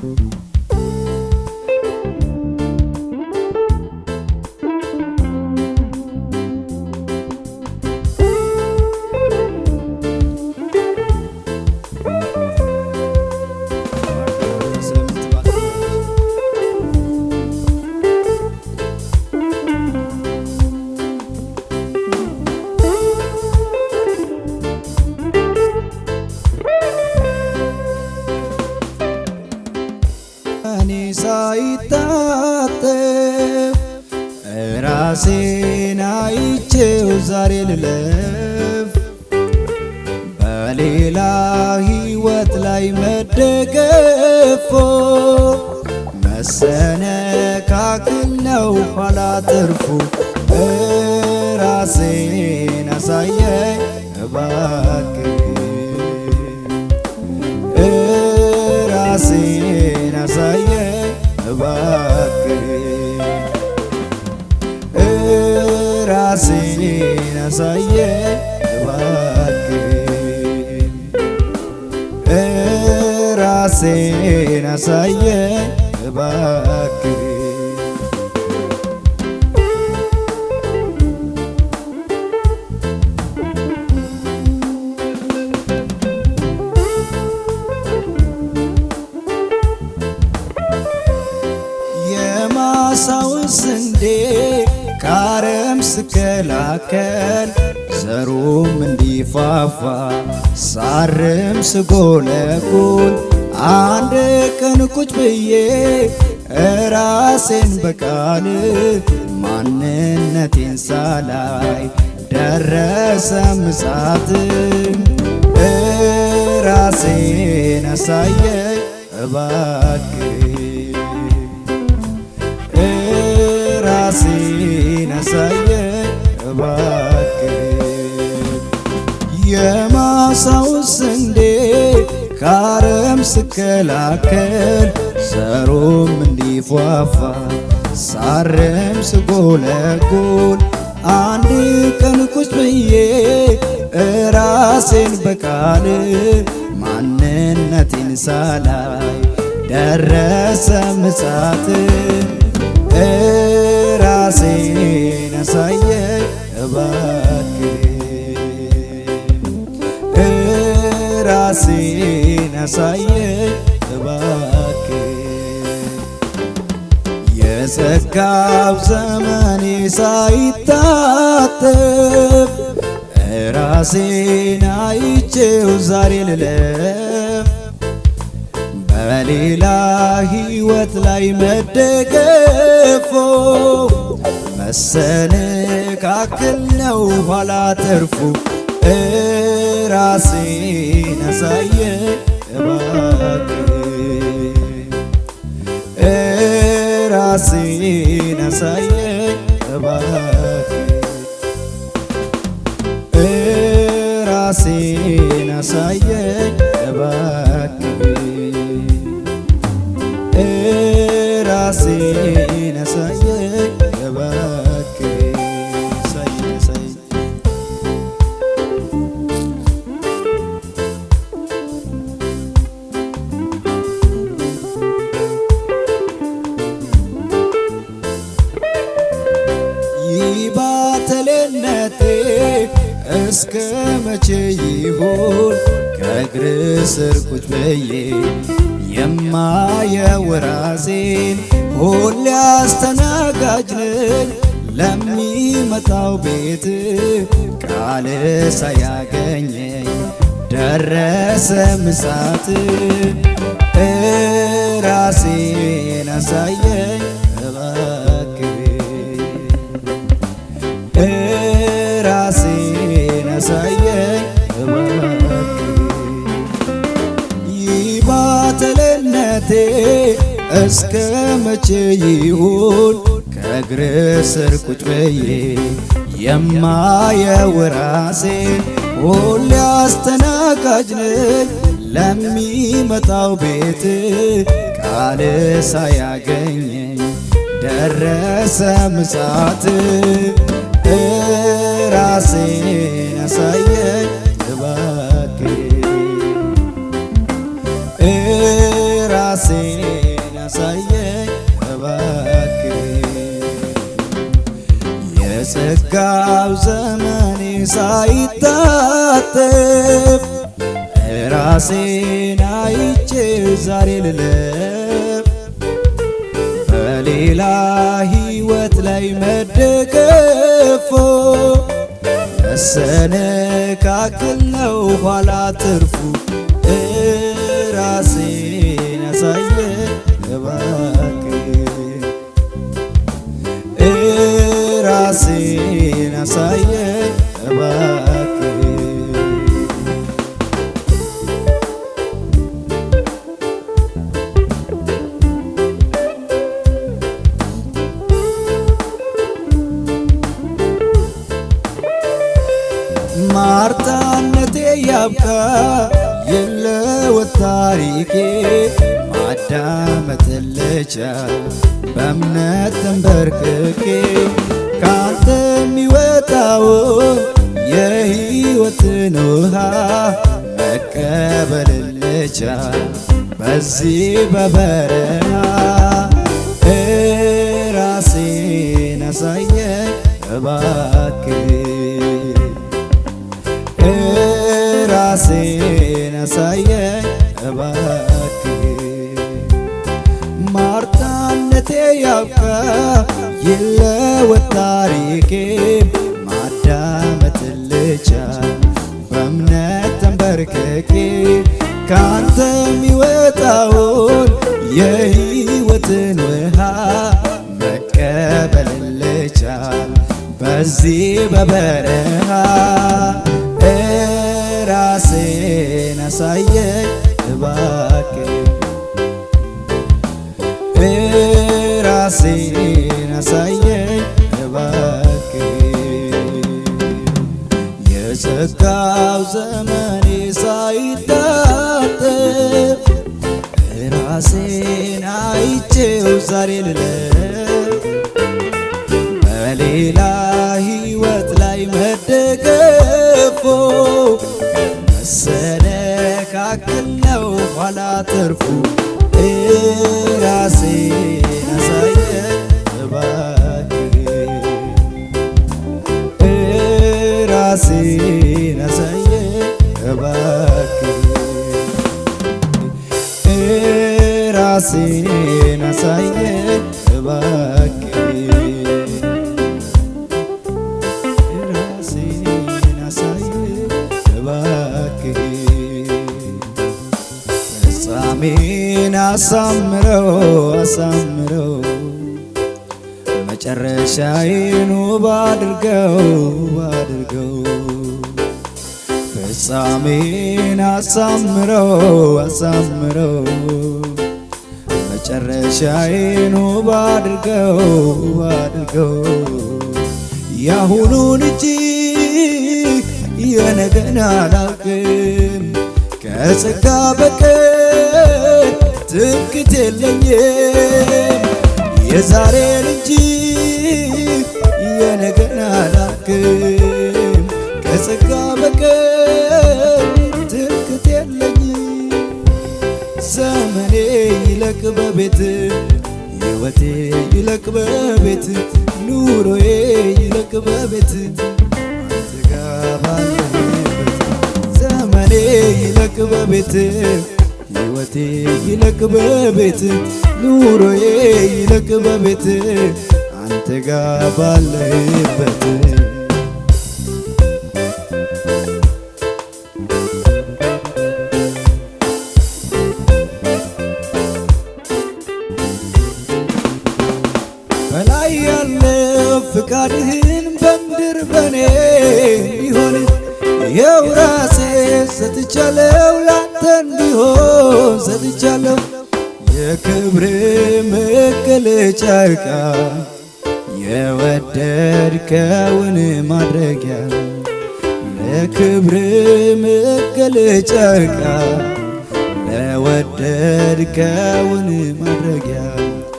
Thank you. ዛሬ ልለፍ በሌላ ሕይወት ላይ መደገፎ መሰነካክል ነው ኋላ ትርፉ ራሴን አሳየኝ ራሴን አሳየ እባክ የማሳው ስንዴ ከአረም ስከላከል ዘሩም እንዲፋፋ ሳርም ስጎለጉል አንድ ቀን ቁጭ ብዬ ራሴን በቃል ማንነቴን ሳላይ ደረሰ ምጽአት ራሴን አሳየ እባክ ራሴን አሳየ እባክ የማሳውስን ስከላከል ዘሮም እንዲፏፋ ሳረም ስጎለጎል አንድ ቀን ቁጭ ብዬ እራሴን በቃል ማንነቴን ሳላይ ደረሰ ምጻት እራሴን አሳየ እባክ ራሴን አሳየኝ እባክህ የሰካው ዘመን ሳይታጠፍ ራሴን አይቼው ዛሬ ልለፍ በሌላ ሕይወት ላይ መደገፎ ካክል ነው ኋላ ተርፉ ራሴን አሳየ ራሴን አሳየ ራሴን አሳየ ስር ቁጭ ብዬ የማየው ራሴን ሁሌ አስተናጋጅ ለሚመጣው ቤት ቃል ሳያገኘኝ ደረሰ ምሳት ራሴን አሳየ እስከ መቼ ይሁን ከእግር ስር ቁጭ ብዬ የማየው ራሴን ሁሌ አስተናጋጅ ነኝ ለሚመጣው ቤት ቃል ሳያገኘኝ ደረሰ ምሳት ራሴ ራሴን አይቼ ዛሬ ልለም! በሌላ ህይወት ላይ መደገፎ መሰነካክል ነው ኋላ ትርፉ ራሴ ማርታነቴ ያብቃ የለወት ታሪኬ ማዳመጥ ልቻ በእምነት ተንበርክኬ ካንተ የሚወጣውን የሕይወትን ውሃ መቀበል ልቻ በዚህ በበረሃ ራሴን አሳየ እባክ ራሴን አሳየኝ እባክህ ማርታነቴ ያብቃ ይለወጥ ታሪኬ ማዳመጥ ልቻል በእምነት ተንበርክኬ ካንተ የሚወጣውን የሕይወትን ውሃ መቀበል ልቻል በዚህ በበረሃ ራሴን አሳየኝ እባክህ ራሴን አሳየኝ እባክህ የዘጋው ዘመን ሳይታጠብ ራሴን አይቼው ዛሬ ልለፍ በሌላ ሕይወት ላይ መደገፎ አላተርፉ ራሴ ያሳየ ራሴ ያሳየ ራሴ ያሳየ አሜን። አሳምረው አሳምረው መጨረሻዬን ውብ አድርገው አድርገው ፍጻሜን አሳምረው አሳምረው መጨረሻዬን ውብ አድርገው አድርገው ያሁኑን እጅግ የነገን አላውቅም ከጸጋ በቀር ትምክት የለኝም የዛሬን እንጂ የነገን አላውቅም ከጸጋ በቀር ትምክት የለኝም ዘመኔ ይለቅ በቤት ሕይወቴ ይለቅ በቤት ኑሮዬ ይለቅ በቤት አንተ ጋ ባለበት ዘመኔ ይለቅ በቤት ሕይወቴ ይለቅ በቤት ኑሮዬ ይለቅ በቤት አንተ ጋ ባለበት ሰጥቻለሁ የክብር መገለጫ ዕቃ የወደድከውን ማድረጊያ ለክብር መገለጫ ዕቃ ለወደድከውን ማድረጊያ